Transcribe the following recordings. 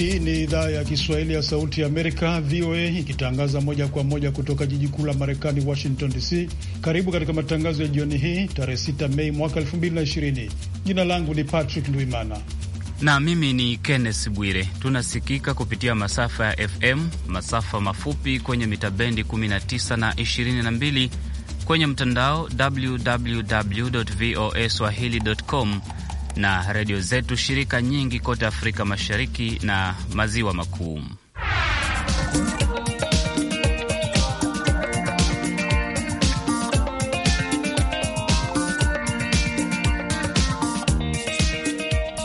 Hii ni idhaa ya Kiswahili ya Sauti ya Amerika, VOA, ikitangaza moja kwa moja kutoka jiji kuu la Marekani, Washington DC. Karibu katika matangazo ya jioni hii tarehe 6 Mei mwaka 2020. Jina langu ni Patrick Ndwimana na mimi ni Kenneth Bwire. Tunasikika kupitia masafa ya FM, masafa mafupi kwenye mitabendi 19 na 22, kwenye mtandao www voa swahili.com na redio zetu shirika nyingi kote Afrika Mashariki na Maziwa Makuu.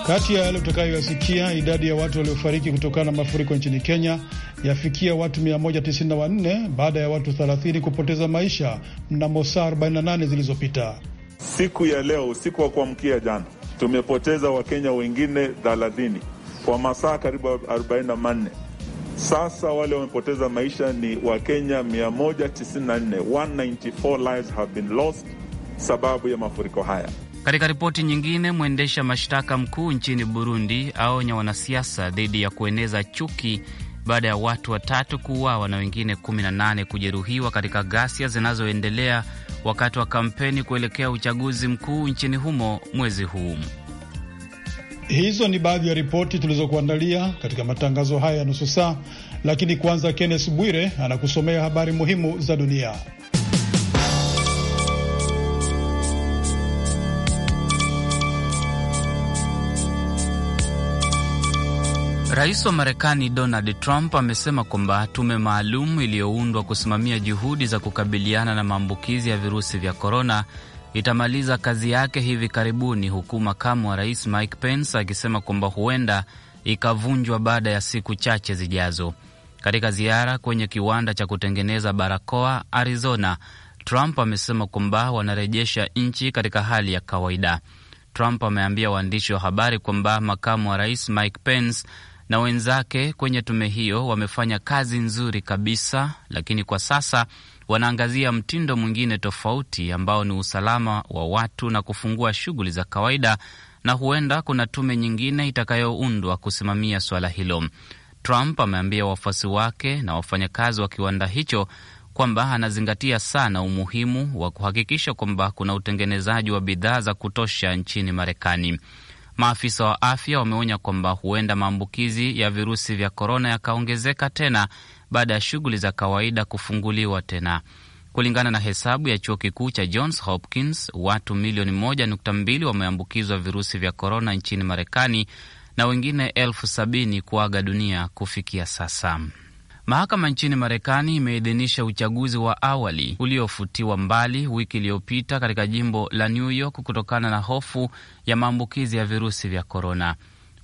Kati ya yale utakayoyasikia, idadi ya watu waliofariki kutokana na mafuriko nchini Kenya yafikia watu 194 baada ya watu 30 kupoteza maisha mnamo saa 48 zilizopita. Siku ya leo, usiku wa kuamkia jana, tumepoteza Wakenya wengine 30 kwa masaa karibu 44. Sasa wale wamepoteza maisha ni Wakenya 194. 194 lives have been lost sababu ya mafuriko haya. Katika ripoti nyingine, mwendesha mashtaka mkuu nchini Burundi aonya wanasiasa dhidi ya kueneza chuki baada ya watu watatu kuuawa na wengine 18 kujeruhiwa katika ghasia zinazoendelea wakati wa kampeni kuelekea uchaguzi mkuu nchini humo mwezi huu. Hizo ni baadhi ya ripoti tulizokuandalia katika matangazo haya ya nusu saa, lakini kwanza, kennes Bwire anakusomea habari muhimu za dunia. Rais wa Marekani Donald Trump amesema kwamba tume maalum iliyoundwa kusimamia juhudi za kukabiliana na maambukizi ya virusi vya korona itamaliza kazi yake hivi karibuni, huku makamu wa rais Mike Pence akisema kwamba huenda ikavunjwa baada ya siku chache zijazo. Katika ziara kwenye kiwanda cha kutengeneza barakoa Arizona, Trump amesema kwamba wanarejesha nchi katika hali ya kawaida. Trump ameambia waandishi wa habari kwamba makamu wa rais Mike Pence na wenzake kwenye tume hiyo wamefanya kazi nzuri kabisa, lakini kwa sasa wanaangazia mtindo mwingine tofauti ambao ni usalama wa watu na kufungua shughuli za kawaida, na huenda kuna tume nyingine itakayoundwa kusimamia suala hilo. Trump ameambia wafuasi wake na wafanyakazi wa kiwanda hicho kwamba anazingatia sana umuhimu wa kuhakikisha kwamba kuna utengenezaji wa bidhaa za kutosha nchini Marekani. Maafisa wa afya wameonya kwamba huenda maambukizi ya virusi vya korona yakaongezeka tena baada ya shughuli za kawaida kufunguliwa tena. Kulingana na hesabu ya chuo kikuu cha Johns Hopkins, watu milioni 1.2 wameambukizwa virusi vya korona nchini Marekani na wengine elfu sabini kuaga dunia kufikia sasa. Mahakama nchini Marekani imeidhinisha uchaguzi wa awali uliofutiwa mbali wiki iliyopita katika jimbo la New York kutokana na hofu ya maambukizi ya virusi vya korona.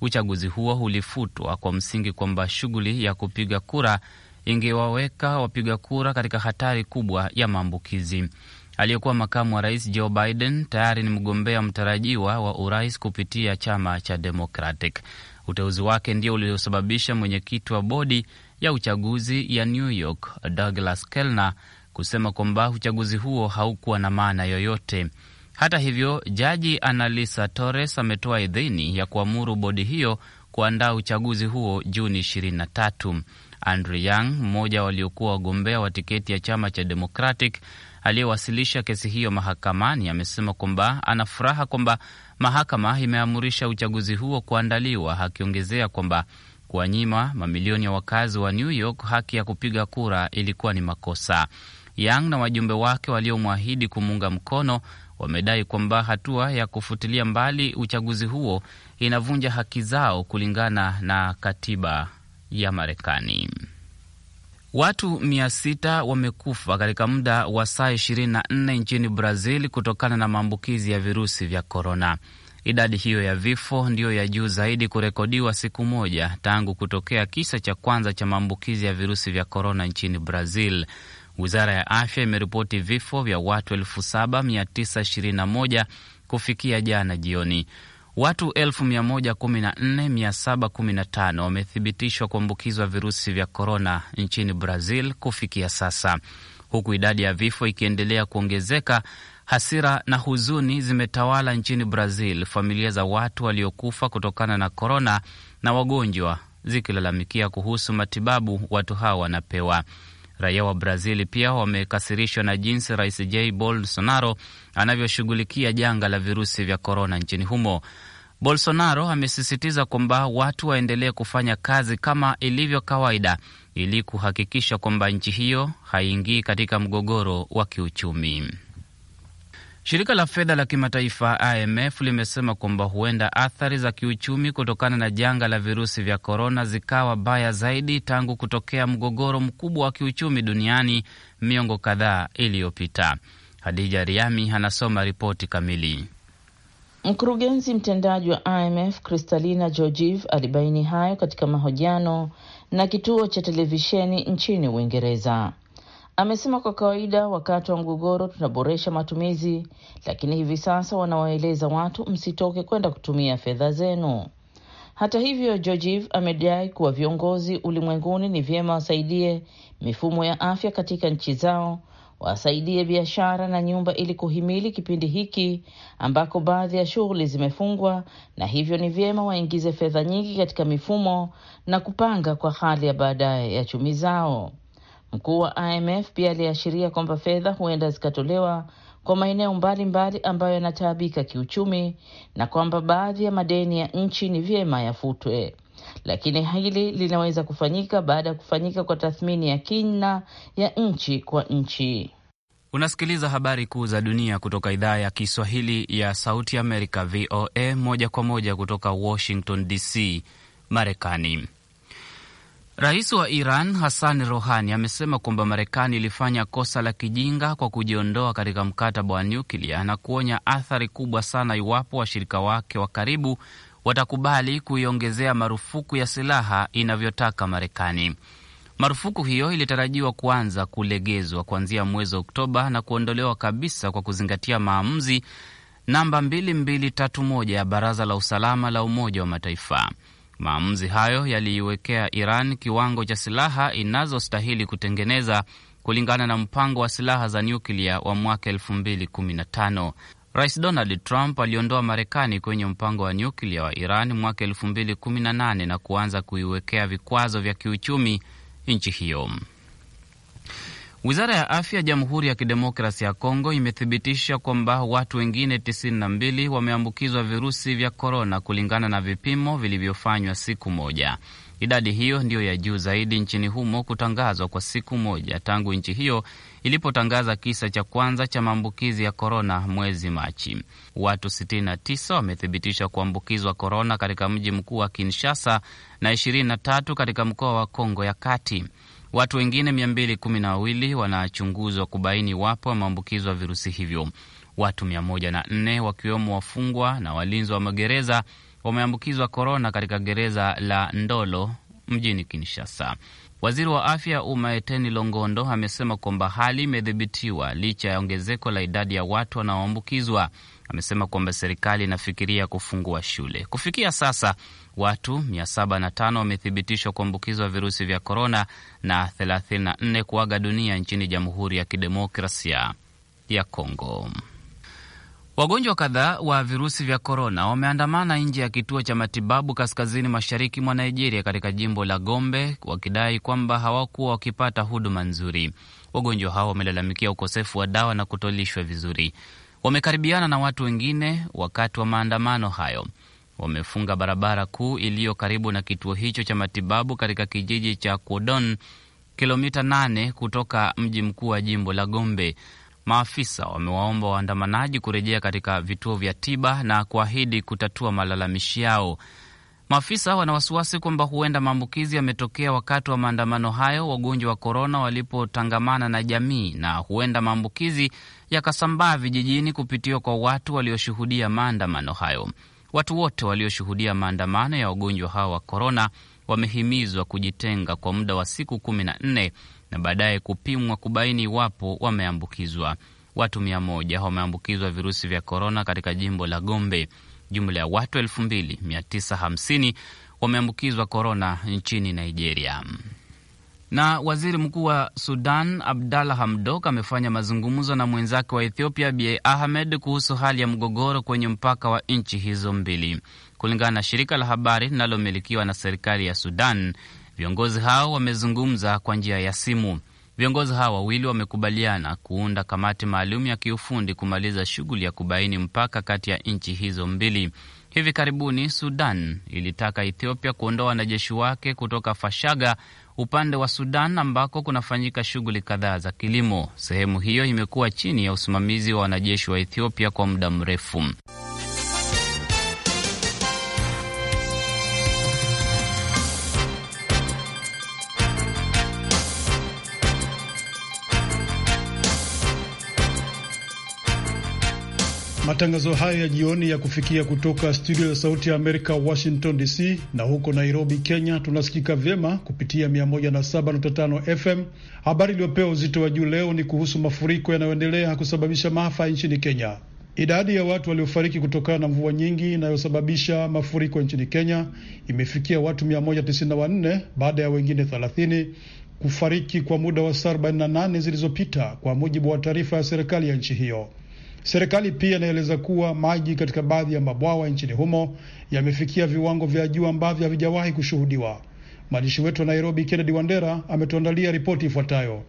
Uchaguzi huo ulifutwa kwa msingi kwamba shughuli ya kupiga kura ingewaweka wapiga kura katika hatari kubwa ya maambukizi. Aliyekuwa makamu wa rais Joe Biden tayari ni mgombea mtarajiwa wa urais kupitia chama cha Democratic. Uteuzi wake ndio uliosababisha mwenyekiti wa bodi ya uchaguzi ya New York Douglas Kellner kusema kwamba uchaguzi huo haukuwa na maana yoyote. Hata hivyo, jaji Analisa Torres ametoa idhini ya kuamuru bodi hiyo kuandaa uchaguzi huo Juni 23. Andre Young, mmoja waliokuwa wagombea wa tiketi ya chama cha Democratic aliyewasilisha kesi hiyo mahakamani, amesema kwamba ana furaha kwamba mahakama imeamurisha uchaguzi huo kuandaliwa, akiongezea kwamba Kuwanyima mamilioni ya wakazi wa New York haki ya kupiga kura ilikuwa ni makosa. Yang na wajumbe wake waliomwahidi kumuunga mkono wamedai kwamba hatua ya kufutilia mbali uchaguzi huo inavunja haki zao kulingana na katiba ya Marekani. Watu mia sita wamekufa katika muda wa saa 24 nchini Brazil kutokana na maambukizi ya virusi vya korona. Idadi hiyo ya vifo ndiyo ya juu zaidi kurekodiwa siku moja tangu kutokea kisa cha kwanza cha maambukizi ya virusi vya korona nchini Brazil. Wizara ya afya imeripoti vifo vya watu 7921 kufikia jana jioni. Watu 114715 wamethibitishwa kuambukizwa virusi vya korona nchini Brazil kufikia sasa, huku idadi ya vifo ikiendelea kuongezeka Hasira na huzuni zimetawala nchini Brazil, familia za watu waliokufa kutokana na korona na wagonjwa zikilalamikia kuhusu matibabu watu hawa wanapewa. Raia wa Brazil pia wamekasirishwa na jinsi Rais Jair Bolsonaro anavyoshughulikia janga la virusi vya korona nchini humo. Bolsonaro amesisitiza kwamba watu waendelee kufanya kazi kama ilivyo kawaida ili kuhakikisha kwamba nchi hiyo haiingii katika mgogoro wa kiuchumi. Shirika la fedha la kimataifa IMF limesema kwamba huenda athari za kiuchumi kutokana na janga la virusi vya korona zikawa baya zaidi tangu kutokea mgogoro mkubwa wa kiuchumi duniani miongo kadhaa iliyopita. Hadija Riami anasoma ripoti kamili. Mkurugenzi mtendaji wa IMF Kristalina Georgieva alibaini hayo katika mahojiano na kituo cha televisheni nchini Uingereza. Amesema kwa kawaida wakati wa mgogoro tunaboresha matumizi, lakini hivi sasa wanawaeleza watu msitoke kwenda kutumia fedha zenu. Hata hivyo, Georgiev amedai kuwa viongozi ulimwenguni ni vyema wasaidie mifumo ya afya katika nchi zao, wasaidie biashara na nyumba ili kuhimili kipindi hiki ambako baadhi ya shughuli zimefungwa, na hivyo ni vyema waingize fedha nyingi katika mifumo na kupanga kwa hali ya baadaye ya chumi zao. Mkuu wa IMF pia aliashiria kwamba fedha huenda zikatolewa kwa maeneo mbalimbali ambayo yanataabika kiuchumi na kwamba baadhi ya madeni ya nchi ni vyema yafutwe, lakini hili linaweza kufanyika baada ya kufanyika kwa tathmini ya kina ya nchi kwa nchi. Unasikiliza habari kuu za dunia kutoka idhaa ya Kiswahili ya Sauti Amerika, VOA, moja kwa moja kutoka Washington DC, Marekani. Rais wa Iran Hassan Rohani amesema kwamba Marekani ilifanya kosa la kijinga kwa kujiondoa katika mkataba wa nyuklia na kuonya athari kubwa sana iwapo washirika wake wa karibu watakubali kuiongezea marufuku ya silaha inavyotaka Marekani. Marufuku hiyo ilitarajiwa kuanza kulegezwa kuanzia mwezi Oktoba na kuondolewa kabisa kwa kuzingatia maamuzi namba 2231 ya Baraza la Usalama la Umoja wa Mataifa. Maamuzi hayo yaliiwekea Iran kiwango cha silaha inazostahili kutengeneza kulingana na mpango wa silaha za nyuklia wa mwaka 2015. Rais Donald Trump aliondoa Marekani kwenye mpango wa nyuklia wa Iran mwaka 2018 na kuanza kuiwekea vikwazo vya kiuchumi nchi hiyo. Wizara ya afya ya Jamhuri ya Kidemokrasi ya Kongo imethibitisha kwamba watu wengine 92 wameambukizwa virusi vya korona kulingana na vipimo vilivyofanywa siku moja. Idadi hiyo ndiyo ya juu zaidi nchini humo kutangazwa kwa siku moja tangu nchi hiyo ilipotangaza kisa cha kwanza cha maambukizi ya korona mwezi Machi. Watu 69 wamethibitishwa kuambukizwa korona katika mji mkuu wa Kinshasa na 23 katika mkoa wa Kongo ya Kati. Watu wengine 212 wanachunguzwa kubaini iwapo wameambukizwa virusi hivyo. Watu 104 wakiwemo wafungwa na walinzi wa magereza wameambukizwa korona katika gereza la Ndolo mjini Kinshasa. Waziri wa afya Umaeteni Longondo amesema kwamba hali imedhibitiwa licha ya ongezeko la idadi ya watu wanaoambukizwa. Amesema kwamba serikali inafikiria kufungua shule. Kufikia sasa watu 705 wamethibitishwa kuambukizwa virusi vya korona na 34 kuaga dunia nchini Jamhuri ya Kidemokrasia ya Kongo. Wagonjwa kadhaa wa virusi vya korona wameandamana nje ya kituo cha matibabu kaskazini mashariki mwa Nigeria, katika jimbo la Gombe, wakidai kwamba hawakuwa wakipata huduma nzuri. Wagonjwa hao wamelalamikia ukosefu wa dawa na kutolishwa vizuri. Wamekaribiana na watu wengine wakati wa maandamano hayo. Wamefunga barabara kuu iliyo karibu na kituo hicho cha matibabu katika kijiji cha kuodon kilomita 8 kutoka mji mkuu wa jimbo la Gombe. Maafisa wamewaomba waandamanaji kurejea katika vituo vya tiba na kuahidi kutatua malalamishi yao. Maafisa wana wasiwasi kwamba huenda maambukizi yametokea wakati wa maandamano hayo, wagonjwa wa korona walipotangamana na jamii, na huenda maambukizi yakasambaa vijijini kupitiwa kwa watu walioshuhudia maandamano hayo. Watu wote walioshuhudia maandamano ya wagonjwa hao wa korona wamehimizwa kujitenga kwa muda wa siku kumi na nne na baadaye kupimwa kubaini iwapo wameambukizwa. Watu mia moja wameambukizwa virusi vya korona katika jimbo la Gombe. Jumla ya watu elfu mbili mia tisa hamsini wameambukizwa korona nchini Nigeria. Na waziri mkuu wa Sudan Abdalla Hamdok amefanya mazungumzo na mwenzake wa Ethiopia Abiy Ahmed kuhusu hali ya mgogoro kwenye mpaka wa nchi hizo mbili. Kulingana na shirika la habari linalomilikiwa na serikali ya Sudan, Viongozi hao wamezungumza kwa njia ya simu. Viongozi hao wawili wamekubaliana kuunda kamati maalum ya kiufundi kumaliza shughuli ya kubaini mpaka kati ya nchi hizo mbili. Hivi karibuni Sudan ilitaka Ethiopia kuondoa wanajeshi wake kutoka Fashaga upande wa Sudan ambako kunafanyika shughuli kadhaa za kilimo. Sehemu hiyo imekuwa chini ya usimamizi wa wanajeshi wa Ethiopia kwa muda mrefu. Matangazo haya ya jioni ya kufikia kutoka studio ya Sauti ya Amerika, Washington DC, na huko Nairobi, Kenya, tunasikika vyema kupitia 107.5 FM. Habari iliyopewa uzito wa juu leo ni kuhusu mafuriko yanayoendelea kusababisha maafa nchini Kenya. Idadi ya watu waliofariki kutokana na mvua nyingi inayosababisha mafuriko nchini Kenya imefikia watu 194 baada ya wengine 30 kufariki kwa muda wa saa 48 zilizopita, kwa mujibu wa taarifa ya serikali ya nchi hiyo. Serikali pia inaeleza kuwa maji katika baadhi ya mabwawa nchini humo yamefikia viwango vya juu ambavyo havijawahi kushuhudiwa. Mwandishi wetu wa Nairobi, Kennedy Wandera, ametuandalia ripoti ifuatayo.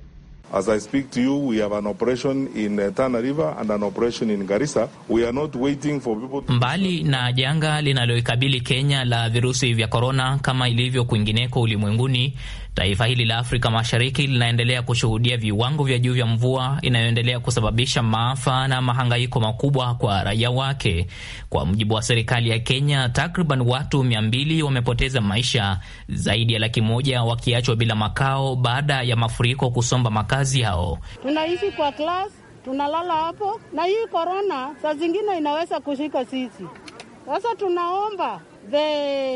As I speak to you, we have an operation in uh, Tana River and an operation in Garissa. We are not waiting for people to... Mbali na janga linaloikabili Kenya la virusi vya korona kama ilivyo kwingineko ulimwenguni, Taifa hili la Afrika Mashariki linaendelea kushuhudia viwango vya juu vya mvua inayoendelea kusababisha maafa na mahangaiko makubwa kwa raia wake. Kwa mujibu wa serikali ya Kenya, takriban watu 200 wamepoteza maisha, zaidi ya laki moja wakiachwa bila makao baada ya mafuriko kusomba makazi yao. Tunaishi kwa klas, tunalala hapo, na hii korona saa zingine inaweza kushika sisi. Sasa tunaomba the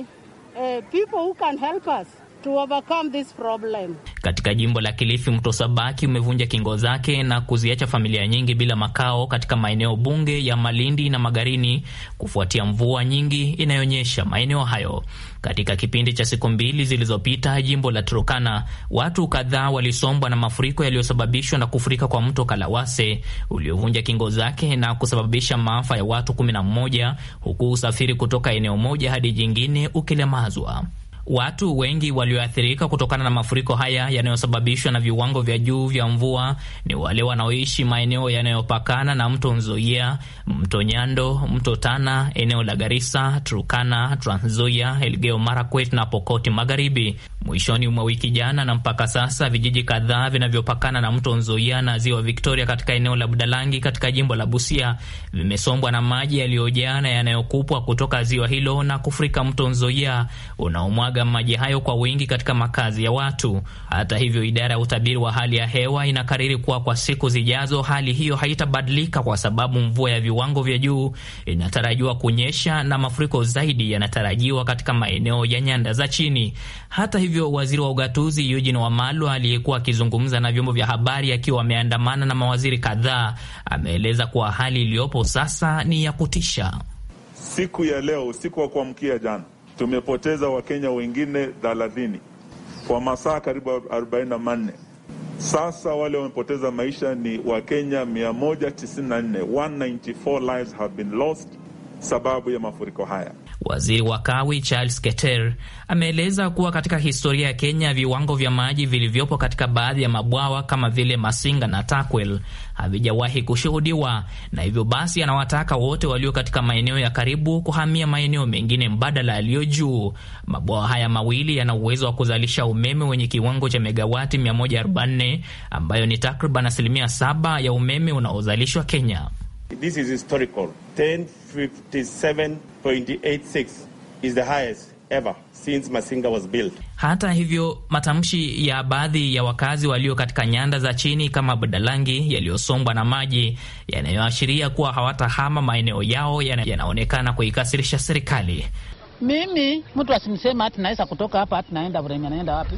uh, people who can help us to overcome this problem. Katika jimbo la Kilifi, mto Sabaki umevunja kingo zake na kuziacha familia nyingi bila makao katika maeneo bunge ya Malindi na Magarini kufuatia mvua nyingi inayonyesha maeneo hayo. Katika kipindi cha siku mbili zilizopita, jimbo la Turkana, watu kadhaa walisombwa na mafuriko yaliyosababishwa na kufurika kwa mto Kalawase uliovunja kingo zake na kusababisha maafa ya watu 11 huku usafiri kutoka eneo moja hadi jingine ukilemazwa. Watu wengi walioathirika kutokana na mafuriko haya yanayosababishwa na viwango vya juu vya mvua ni wale wanaoishi maeneo yanayopakana na mto Nzoia, mto Nyando, mto Tana, eneo la Garisa, Turkana, Trans Nzoia, Elgeyo Marakwet na Pokoti Magharibi. Mwishoni mwa wiki jana na mpaka sasa, vijiji kadhaa vinavyopakana na mto Nzoia na ziwa Victoria katika eneo la Budalangi katika jimbo la Busia vimesombwa na maji yaliyojaa na yanayokupwa kutoka ziwa hilo na kufurika mto Nzoia unaomwaga kumwaga maji hayo kwa wingi katika makazi ya watu. Hata hivyo, idara ya utabiri wa hali ya hewa inakariri kuwa kwa siku zijazo hali hiyo haitabadilika kwa sababu mvua ya viwango vya juu inatarajiwa kunyesha na mafuriko zaidi yanatarajiwa katika maeneo ya nyanda za chini. Hata hivyo, waziri wa ugatuzi Eugene Wamalwa aliyekuwa akizungumza na vyombo vya habari akiwa ameandamana na mawaziri kadhaa ameeleza kuwa hali iliyopo sasa ni ya kutisha. Siku ya leo, usiku wa kuamkia jana tumepoteza Wakenya wengine 30 kwa masaa karibu 44 Sasa wale wamepoteza maisha ni Wakenya 194, 194 lives have been lost sababu ya mafuriko haya. Waziri wa Kawi Charles Keter ameeleza kuwa katika historia ya Kenya viwango vya maji vilivyopo katika baadhi ya mabwawa kama vile Masinga na Takwel havijawahi kushuhudiwa, na hivyo basi anawataka wote walio katika maeneo ya karibu kuhamia maeneo mengine mbadala yaliyo juu. Mabwawa haya mawili yana uwezo wa kuzalisha umeme wenye kiwango cha megawati 140 ambayo ni takriban asilimia 7 ya umeme unaozalishwa Kenya. This is historical. 1057.86 is the highest ever since Masinga was built. Hata hivyo, matamshi ya baadhi ya wakazi walio katika nyanda za chini kama Budalangi yaliyosombwa na maji yanayoashiria kuwa hawatahama maeneo yao yanaonekana kuikasirisha serikali. Mimi mtu asimsema hati naweza kutoka hapa hati naenda Vremi, naenda wapi?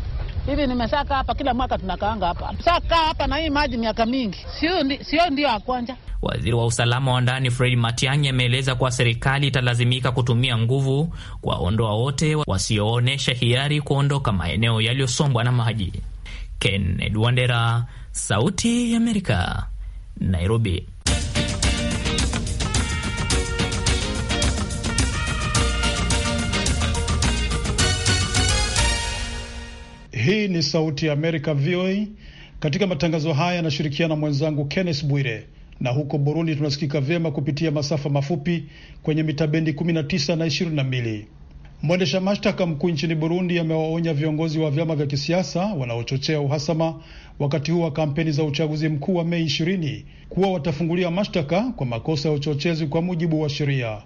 hivi nimesaka hapa, kila mwaka tunakaanga hapa, saka hapa na hii maji miaka mingi, sio sio ndio akwanja. Waziri wa usalama wa ndani Fred Matiang'i ameeleza kuwa serikali italazimika kutumia nguvu kuwaondoa wote wasioonyesha hiari kuondoka maeneo yaliyosombwa na maji. Kenneth Wandera, Sauti ya Amerika, Nairobi. ni Sauti ya Amerika, VOA. Katika matangazo haya anashirikiana mwenzangu Kenneth Bwire. Na huko Burundi tunasikika vyema kupitia masafa mafupi kwenye mitabendi 19 na 22. Mwendesha mashtaka mkuu nchini Burundi amewaonya viongozi wa vyama vya kisiasa wanaochochea uhasama wakati huu wa kampeni za uchaguzi mkuu wa Mei 20 kuwa watafungulia mashtaka kwa makosa ya uchochezi kwa mujibu wa sheria.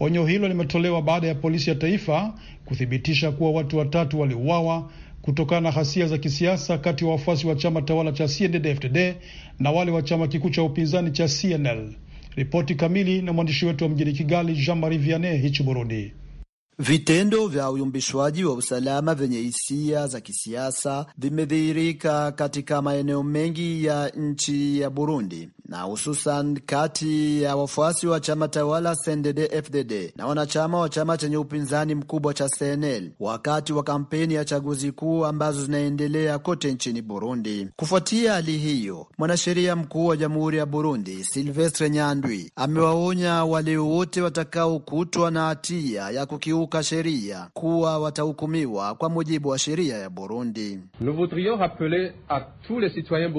Onyo hilo limetolewa baada ya polisi ya taifa kuthibitisha kuwa watu watatu waliuawa kutokana na hasia za kisiasa kati ya wafuasi wa chama tawala cha CNDD-FDD na wale wa chama kikuu cha upinzani cha CNL. Ripoti kamili na mwandishi wetu wa mjini Kigali, Jean Marie Vianney hichi Burundi. Vitendo vya uyumbishwaji wa usalama vyenye hisia za kisiasa vimedhihirika katika maeneo mengi ya nchi ya Burundi na hususan kati ya wafuasi wa chama tawala CNDD-FDD na wanachama wa chama chenye upinzani mkubwa cha CNL wakati wa kampeni ya chaguzi kuu ambazo zinaendelea kote nchini Burundi. Kufuatia hali hiyo, mwanasheria mkuu wa Jamhuri ya Burundi Silvestre Nyandwi amewaonya wale wote watakaokutwa na hatia ya kukiuka sheria kuwa watahukumiwa kwa mujibu wa sheria ya Burundi.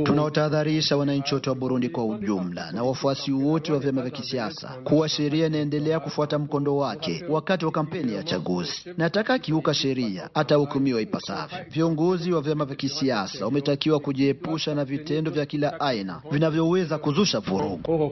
Tunaotahadharisha wananchi wote wa Burundi kwa ujumla na wafuasi wote wa vyama vya kisiasa kuwa sheria inaendelea kufuata mkondo wake wakati wa kampeni ya chaguzi, na atakayekiuka sheria atahukumiwa ipasavyo. Viongozi wa vyama vya kisiasa wametakiwa kujiepusha na vitendo vya kila aina vinavyoweza kuzusha vurugu.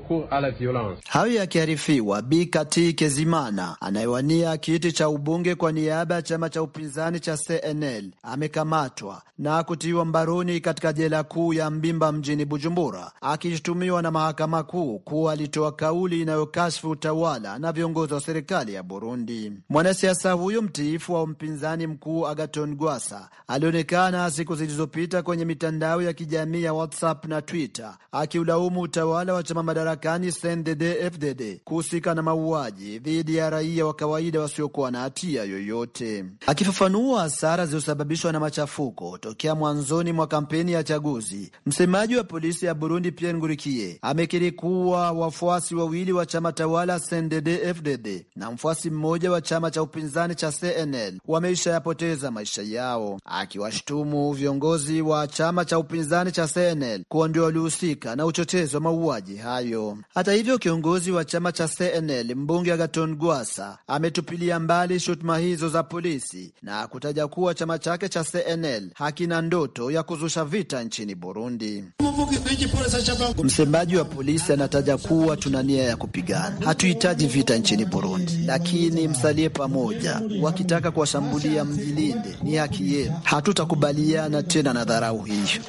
Hayo yakiharifiwa, Bi Kati Kezimana anayewania kiti cha ubunge kwa niaba ya chama cha upinzani cha CNL amekamatwa na kutiwa mbaroni katika jela kuu ya Mbimba mjini Bujumbura akishutumiwa imetolewa na mahakama kuu kuwa alitoa kauli inayokashfu utawala na viongozi wa serikali ya Burundi. Mwanasiasa huyo mtiifu wa mpinzani mkuu Agaton Gwasa alionekana siku zilizopita kwenye mitandao ya kijamii ya WhatsApp na Twitter akiulaumu utawala wa chama madarakani CNDD FDD kuhusika na mauaji dhidi ya raia wa kawaida wasiokuwa na hatia yoyote, akifafanua hasara zilizosababishwa na machafuko tokea mwanzoni mwa kampeni ya chaguzi. Msemaji wa polisi ya Burundi Pierre Ngurikie amekiri kuwa wafuasi wawili wa chama tawala CNDD-FDD na mfuasi mmoja wa chama cha upinzani cha CNL wameisha yapoteza maisha yao, akiwashtumu viongozi wa chama cha upinzani cha CNL kuwa ndio walihusika na uchochezi wa mauaji hayo. Hata hivyo, kiongozi wa chama cha CNL mbunge Agaton Gwasa ametupilia mbali shutuma hizo za polisi na kutaja kuwa chama chake cha CNL hakina ndoto ya kuzusha vita nchini Burundi. Msemaji wa polisi anataja kuwa tuna nia ya kupigana, hatuhitaji vita nchini Burundi, lakini msalie pamoja. Wakitaka kuwashambulia mjilinde, ni haki yenu. Hatutakubaliana tena na dharau hiyo.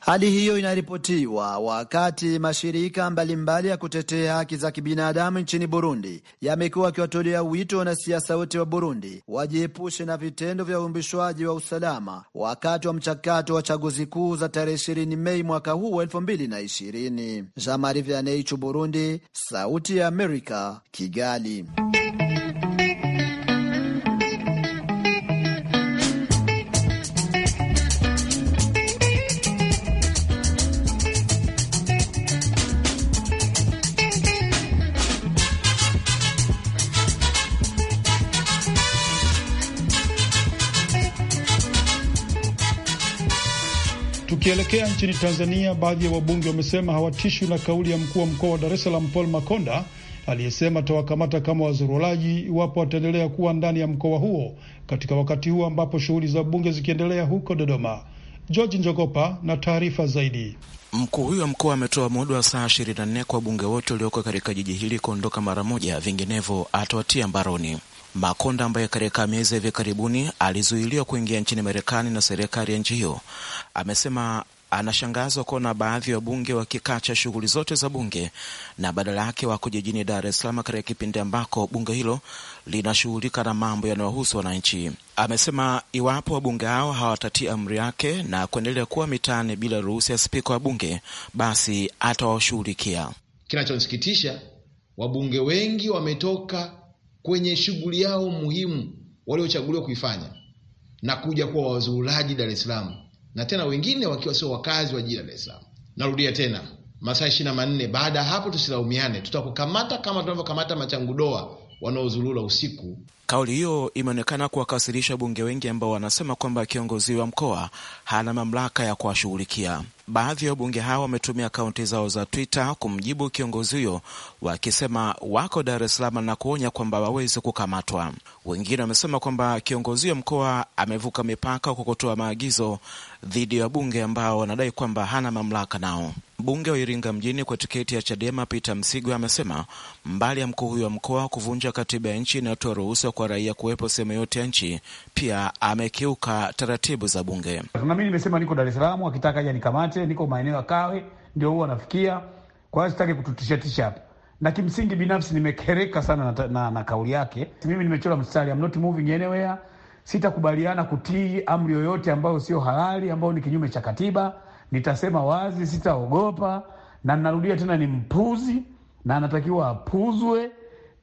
Hali hiyo inaripotiwa wakati mashirika mbalimbali mbali ya kutetea haki za kibinadamu nchini Burundi yamekuwa akiwatolea wito wanasiasa wote wa Burundi wajiepushe na vitendo vya uumbishwaji wa usalama wakati wa mchakato wa chaguzi kuu za tarehe ishirini Mei mwaka huu ishirini. Jean Marie Vianney, Burundi, Sauti ya Amerika, Kigali. Tukielekea nchini Tanzania, baadhi ya wabunge wamesema hawatishwi na kauli ya mkuu wa mkoa wa Dar es Salaam Paul Makonda aliyesema atawakamata kama wazurulaji iwapo wataendelea kuwa ndani ya mkoa huo katika wakati huo ambapo shughuli za bunge zikiendelea huko Dodoma. George Njogopa na taarifa zaidi. Mkuu huyo wa mkoa ametoa muda wa saa ishirini na nne kwa wabunge wote walioko katika jiji hili kuondoka mara moja, vinginevyo atawatia mbaroni. Makonda ambaye katika miezi hivi karibuni alizuiliwa kuingia nchini Marekani na serikali ya nchi hiyo amesema anashangazwa kuona baadhi ya wabunge wakikacha shughuli zote za bunge na badala yake wako jijini Dar es Salaam katika kipindi ambako bunge hilo linashughulika na mambo yanayohusu wananchi. Amesema iwapo wabunge hao hawatatii amri yake na kuendelea kuwa mitaani bila ruhusa ya spika wa bunge, basi atawashughulikia. Kinachonisikitisha, wabunge wengi wametoka kwenye shughuli yao muhimu waliochaguliwa kuifanya na kuja kuwa wazururaji Dar es Salaam, na tena wengine wakiwa sio wakazi wa jiji la Dar es Salaam. Narudia tena masaa ishirini na manne. Baada ya hapo, tusilaumiane, tutakukamata kama tunavyokamata machangudoa wanaozurura usiku. Kauli hiyo imeonekana kuwakasirisha wabunge wengi ambao wanasema kwamba kiongozi wa mkoa hana mamlaka ya kuwashughulikia. Baadhi ya wabunge hao wametumia akaunti zao za Twitter kumjibu kiongozi huyo, wakisema wako Dar es Salaam na kuonya kwamba waweze kukamatwa. Wengine wamesema kwamba kiongozi wa mkoa amevuka mipaka kwa kutoa maagizo dhidi ya wabunge ambao wanadai kwamba hana mamlaka nao. Mbunge wa Iringa mjini kwa tiketi ya Chadema Peter Msigwa amesema mbali ya mkuu huyo wa mkoa kuvunja katiba ya nchi inayotoa ruhusa kwa raia kuwepo sehemu yote ya nchi, pia amekiuka taratibu za bunge. Na mimi nimesema niko Dar es Salaam, akitaka aje nikamate, niko maeneo ya Kawe, ndio huwa anafikia. Kwa hiyo sitaki kututishatisha hapa, na kimsingi binafsi nimekereka sana na, na, na kauli yake. Mimi nimechora mstari, I'm not moving anywhere. Sitakubaliana kutii amri yoyote ambayo sio halali, ambayo ni kinyume cha katiba nitasema wazi, sitaogopa, na ninarudia tena, ni mpuzi na anatakiwa apuzwe,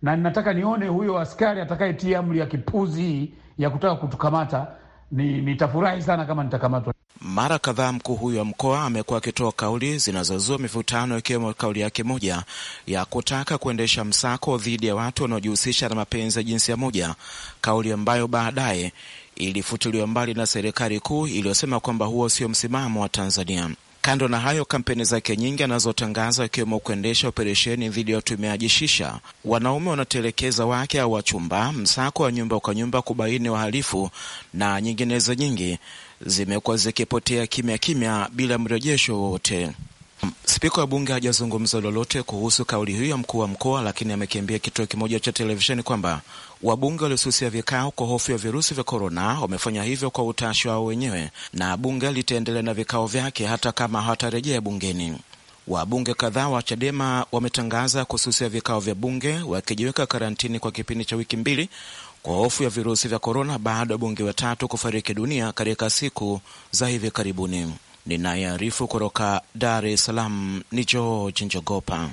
na ninataka nione huyo askari atakayetia amri ya kipuzi hii ya kutaka kutukamata. Nitafurahi ni sana kama nitakamatwa. Mara kadhaa mkuu huyo wa mkoa amekuwa akitoa kauli zinazozua mivutano, ikiwemo kauli yake moja ya kutaka kuendesha msako dhidi ya watu wanaojihusisha na mapenzi ya jinsia moja, kauli ambayo baadaye ilifutiliwa mbali na serikali kuu iliyosema kwamba huo sio msimamo wa Tanzania. Kando na hayo, kampeni zake nyingi anazotangaza ikiwemo kuendesha operesheni dhidi ya watumiaji shisha, wanaume wanatelekeza wake au wachumba, msako wa nyumba kwa nyumba kubaini wahalifu na nyinginezo nyingi zimekuwa zikipotea kimya kimya bila mrejesho wowote. Spika wa Bunge hajazungumza lolote kuhusu kauli hiyo ya mkuu wa mkoa, lakini amekiambia kituo kimoja cha televisheni kwamba Wabunge waliosusia vikao kwa hofu ya virusi vya korona wamefanya hivyo kwa utashi wao wenyewe, na bunge litaendelea na vikao vyake hata kama hawatarejea bungeni. Wabunge kadhaa wa Chadema wametangaza kususia vikao vya bunge wakijiweka karantini kwa kipindi cha wiki mbili kwa hofu ya virusi vya korona baada ya bunge watatu kufariki dunia katika siku za hivi karibuni. Ninayearifu kutoka Dar es Salaam ni George Njogopa.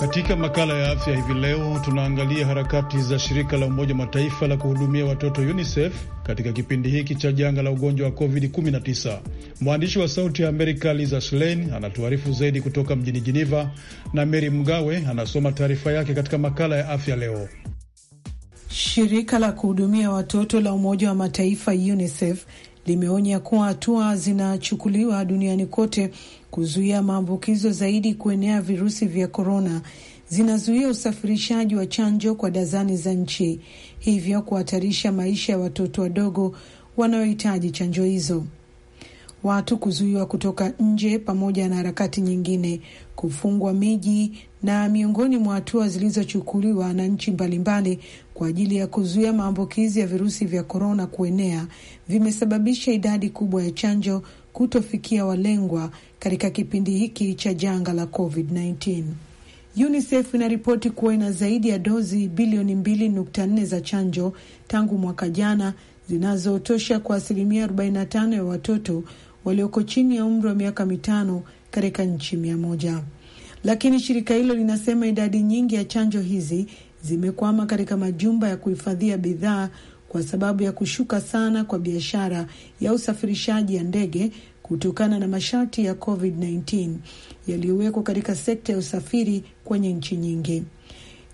Katika makala ya afya hivi leo tunaangalia harakati za shirika la Umoja Mataifa la kuhudumia watoto UNICEF katika kipindi hiki cha janga la ugonjwa wa COVID-19. Mwandishi wa Sauti ya Amerika Liza Schlein anatuarifu zaidi kutoka mjini jiniva na Mary Mgawe anasoma taarifa yake katika makala ya afya leo. Shirika la kuhudumia watoto la Umoja wa Mataifa UNICEF limeonya kuwa hatua zinachukuliwa duniani kote kuzuia maambukizo zaidi kuenea virusi vya korona zinazuia usafirishaji wa chanjo kwa dazani za nchi, hivyo kuhatarisha maisha ya watoto wadogo wanaohitaji chanjo hizo. Watu kuzuiwa kutoka nje pamoja na harakati nyingine kufungwa miji na miongoni mwa hatua zilizochukuliwa na nchi mbalimbali kwa ajili ya kuzuia maambukizi ya virusi vya korona kuenea vimesababisha idadi kubwa ya chanjo kutofikia walengwa katika kipindi hiki cha janga la COVID-19. UNICEF inaripoti kuwa ina zaidi ya dozi bilioni 2.4 za chanjo tangu mwaka jana zinazotosha kwa asilimia 45 ya watoto walioko chini ya umri wa miaka mitano katika nchi mia moja, lakini shirika hilo linasema idadi nyingi ya chanjo hizi zimekwama katika majumba ya kuhifadhia bidhaa kwa sababu ya kushuka sana kwa biashara ya usafirishaji ya ndege kutokana na masharti ya COVID-19 yaliyowekwa katika sekta ya usafiri kwenye nchi nyingi.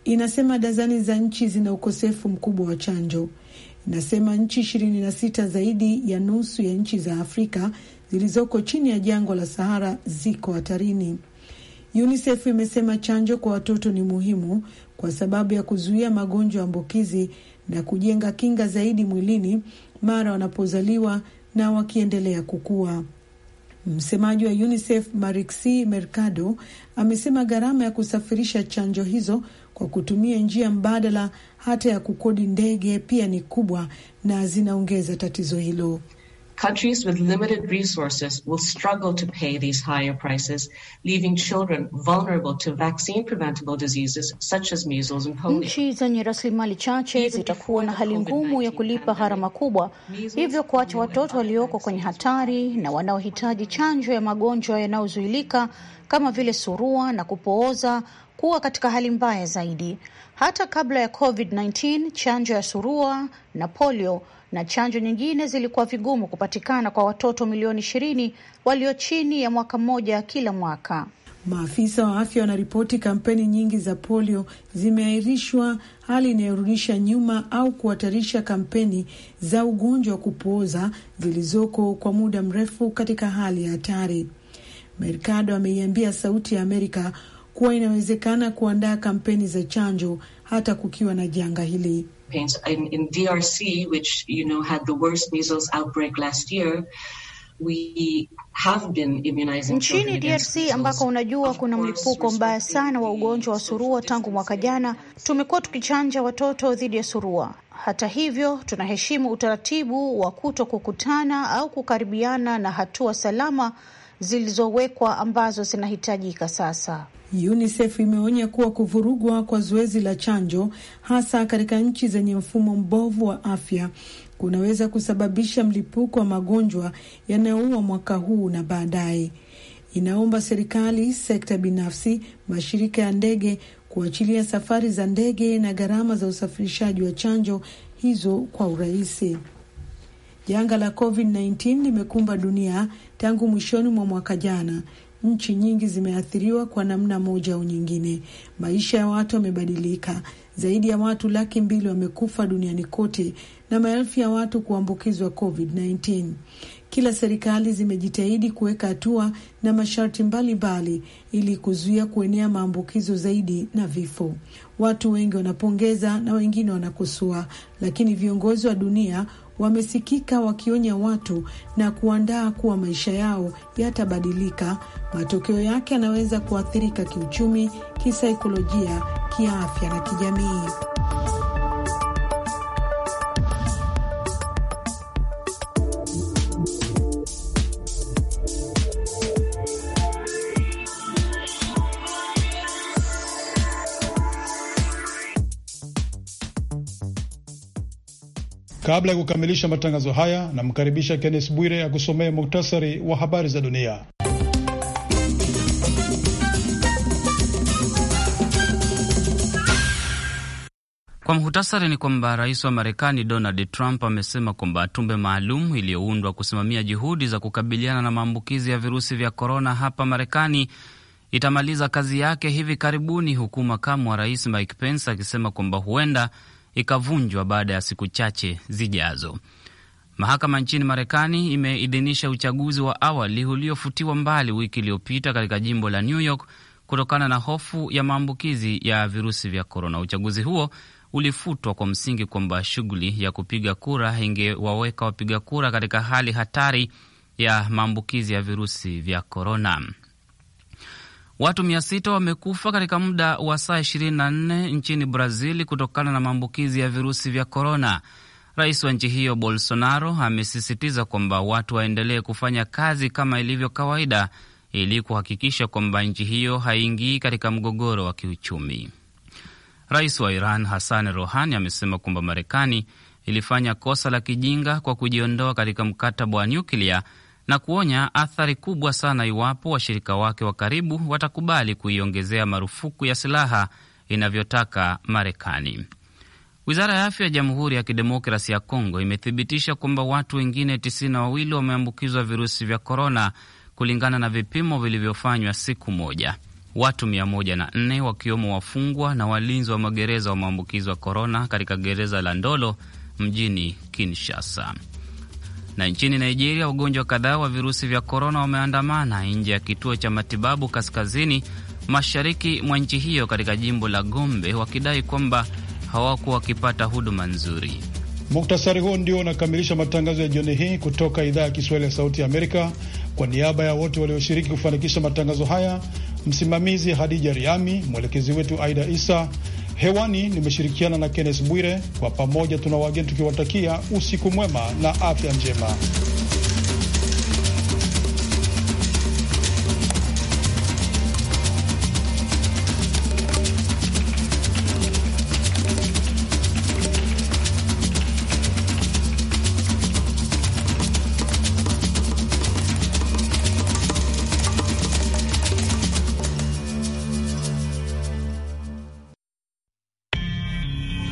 Inasema dazani za nchi zina ukosefu mkubwa wa chanjo. Inasema nchi 26 zaidi ya nusu ya nchi za Afrika zilizoko chini ya jangwa la Sahara ziko hatarini. UNICEF imesema chanjo kwa watoto ni muhimu kwa sababu ya kuzuia magonjwa ya ambukizi na kujenga kinga zaidi mwilini mara wanapozaliwa na wakiendelea kukua. Msemaji wa UNICEF Marixi Mercado amesema gharama ya kusafirisha chanjo hizo kwa kutumia njia mbadala hata ya kukodi ndege pia ni kubwa na zinaongeza tatizo hilo. Countries with limited resources will struggle to pay these higher prices, leaving children vulnerable to vaccine preventable diseases such as measles and polio. Nchi zenye rasilimali chache zitakuwa na hali ngumu ya kulipa gharama kubwa, hivyo kuacha watoto walioko kwenye hatari na wanaohitaji chanjo ya magonjwa yanayozuilika kama vile surua na kupooza kuwa katika hali mbaya zaidi. Hata kabla ya COVID-19, chanjo ya surua na polio na chanjo nyingine zilikuwa vigumu kupatikana kwa watoto milioni ishirini walio chini ya mwaka mmoja kila mwaka. Maafisa wa afya wanaripoti kampeni nyingi za polio zimeahirishwa, hali inayorudisha nyuma au kuhatarisha kampeni za ugonjwa wa kupooza zilizoko kwa muda mrefu katika hali ya hatari. Mercado ameiambia Sauti ya Amerika kuwa inawezekana kuandaa kampeni za chanjo hata kukiwa na janga hili campaigns. In, in DRC, which you know had the worst measles outbreak last year, we have been immunizing nchini DRC ambako unajua kuna mlipuko mbaya sana wa ugonjwa wa surua tangu mwaka jana. Tumekuwa tukichanja watoto dhidi ya surua. Hata hivyo, tunaheshimu utaratibu wa kuto kukutana au kukaribiana na hatua salama zilizowekwa ambazo zinahitajika sasa. UNICEF imeonya kuwa kuvurugwa kwa zoezi la chanjo hasa katika nchi zenye mfumo mbovu wa afya kunaweza kusababisha mlipuko wa magonjwa yanayoua mwaka huu na baadaye. Inaomba serikali, sekta binafsi, mashirika ya ndege kuachilia safari za ndege na gharama za usafirishaji wa chanjo hizo kwa urahisi. Janga la COVID-19 limekumba dunia tangu mwishoni mwa mwaka jana nchi nyingi zimeathiriwa kwa namna moja au nyingine. Maisha ya watu yamebadilika. Zaidi ya watu laki mbili wamekufa duniani kote na maelfu ya watu kuambukizwa COVID-19. Kila serikali zimejitahidi kuweka hatua na masharti mbalimbali ili kuzuia kuenea maambukizo zaidi na vifo. Watu wengi wanapongeza na wengine wanakosoa, lakini viongozi wa dunia wamesikika wakionya watu na kuandaa kuwa maisha yao yatabadilika. Matokeo yake yanaweza kuathirika kiuchumi, kisaikolojia, kiafya na kijamii. Kabla ya kukamilisha matangazo haya, namkaribisha Kennes Bwire akusomee muktasari wa habari za dunia. Kwa muhtasari ni kwamba rais wa Marekani Donald Trump amesema kwamba tume maalum iliyoundwa kusimamia juhudi za kukabiliana na maambukizi ya virusi vya korona hapa Marekani itamaliza kazi yake hivi karibuni, huku makamu wa rais Mike Pence akisema kwamba huenda ikavunjwa baada ya siku chache zijazo. Mahakama nchini Marekani imeidhinisha uchaguzi wa awali uliofutiwa mbali wiki iliyopita katika jimbo la New York kutokana na hofu ya maambukizi ya virusi vya korona. Uchaguzi huo ulifutwa kwa msingi kwamba shughuli ya kupiga kura ingewaweka wapiga kura katika hali hatari ya maambukizi ya virusi vya korona. Watu sita wamekufa katika muda wa saa 24 nchini Brazil kutokana na maambukizi ya virusi vya korona. Rais wa nchi hiyo Bolsonaro amesisitiza kwamba watu waendelee kufanya kazi kama ilivyo kawaida ili kuhakikisha kwamba nchi hiyo haiingii katika mgogoro wa kiuchumi. Rais wa Iran Hassan Rohani amesema kwamba Marekani ilifanya kosa la kijinga kwa kujiondoa katika mkataba wa nyuklia na kuonya athari kubwa sana iwapo washirika wake wa karibu watakubali kuiongezea marufuku ya silaha inavyotaka Marekani. Wizara ya afya ya Jamhuri ya Kidemokrasi ya Kongo imethibitisha kwamba watu wengine tisini na wawili wameambukizwa virusi vya korona kulingana na vipimo vilivyofanywa siku moja. Watu 104 wakiwemo wafungwa na walinzi wa magereza wameambukizwa korona katika gereza la Ndolo mjini Kinshasa. Na nchini Nigeria, wagonjwa kadhaa wa virusi vya korona wameandamana nje ya kituo cha matibabu kaskazini mashariki mwa nchi hiyo katika jimbo la Gombe wakidai kwamba hawakuwa wakipata huduma nzuri. Muktasari huo ndio unakamilisha matangazo ya jioni hii kutoka idhaa ya Kiswahili ya Sauti ya Amerika. Kwa niaba ya wote walioshiriki kufanikisha matangazo haya, msimamizi Hadija Riami, mwelekezi wetu Aida Isa. Hewani nimeshirikiana na Kennes Bwire. Kwa pamoja tuna wageni tukiwatakia usiku mwema na afya njema.